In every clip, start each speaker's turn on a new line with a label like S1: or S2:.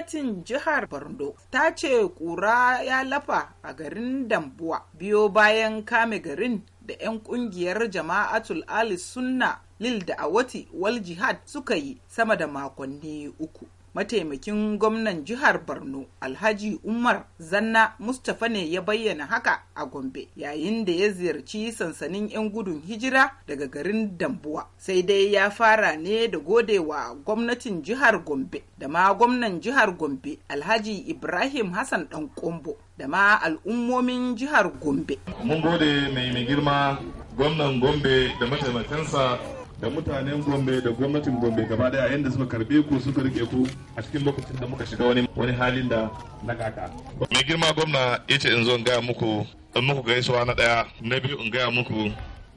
S1: gwamnatin jihar borno ta ce kura ya lafa a garin dambuwa biyo bayan kame garin da 'yan kungiyar jama'atul ali sunna lil da awati wal jihad suka yi sama da makonni uku mataimakin gwamnan jihar borno alhaji umar zanna mustapha ne ya bayyana haka a gombe yayin da ya ziyarci sansanin 'yan gudun hijira daga garin dambuwa sai dai ya fara ne da godewa gwamnatin jihar gombe da ma gwamnan jihar gombe alhaji ibrahim hassan dan kombo da ma al'ummomin jihar gombe mun gode mai girma gwamnan gombe da mataimakansa
S2: da mutanen gombe da gwamnatin gombe gaba daya yadda suka karbe ku suka rike ku a cikin lokacin da muka shiga wani wani halin da na gaka. mai girma gwamna yace in zo in gaya muku in muku gaisuwa na daya na biyu in gaya muku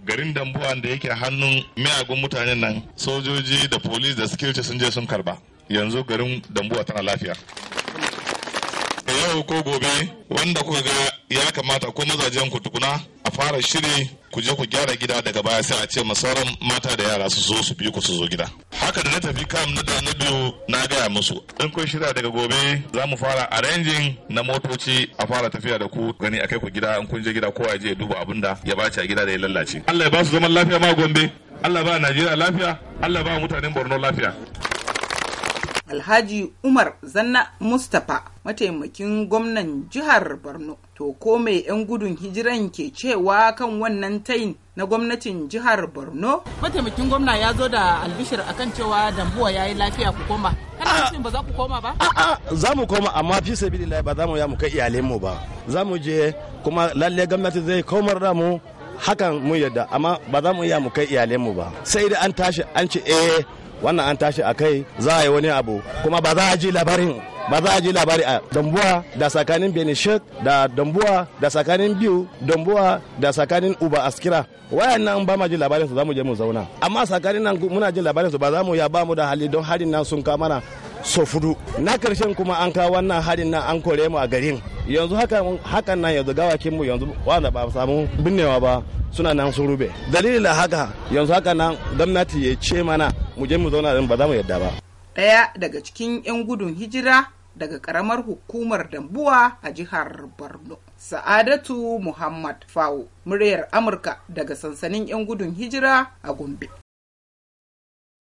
S2: garin dambuwan da yake hannun miyagun mutanen nan sojoji da police da security sun je sun karba yanzu garin dambuwa tana lafiya yau ko gobe wanda kuka ga ya kamata ko mazajen ku tukuna fara shiri ku je ku gyara gida daga baya sai a ce ma sauran mata da yara su zo su bi ku su zo gida haka da na tafi kam na da na biyu na gaya musu in kun shirya daga gobe za mu fara arranging na motoci a fara tafiya da ku gani a kai ku gida in kun je gida kowa ya je ya duba abin da ya bace a gida da ya lallace Allah ya ba su zaman lafiya ma Gombe Allah ba Najeriya lafiya Allah ba mutanen Borno lafiya
S1: Alhaji Umar Zanna Mustapha mataimakin gwamnan jihar Borno. To ko mai 'yan gudun hijiran ke cewa kan wannan tayin na gwamnatin jihar Borno? Mataimakin gwamna ya zo da albishir akan cewa dambuwa ya yi lafiya ku koma. Ah. za A'a ah,
S3: ah, za mu koma amma fi sabilillahi ba za mu ya mu kai mu ba. Za mu je kuma lalle gwamnati zai komar da mu hakan mun yadda amma ba za mu iya mu kai iyalenmu ba sai da an tashi an ce eh wannan an tashi a kai za a yi wani abu kuma ba za a ji labarin ba za a ji labari a dambuwa da tsakanin benishek da dambuwa da tsakanin biyu dambuwa da tsakanin uba askira wayan nan ba ma ji labarin su za mu je mu zauna amma tsakanin nan muna ji labarin su ba za mu ya ba mu da hali don harin nan sun kamana so fudu na karshen kuma an kawo wannan harin nan an kore mu a garin yanzu hakan nan yanzu gawakin mu yanzu wanda ba samu binnewa ba suna nan sun rube dalilin haka yanzu haka nan gwamnati ya ce mana mu je mu zauna din ba za mu yadda ba
S1: daya daga cikin yan gudun hijira daga karamar hukumar dambuwa a jihar borno sa'adatu muhammad fawo muryar amurka daga sansanin yan gudun hijira a gombe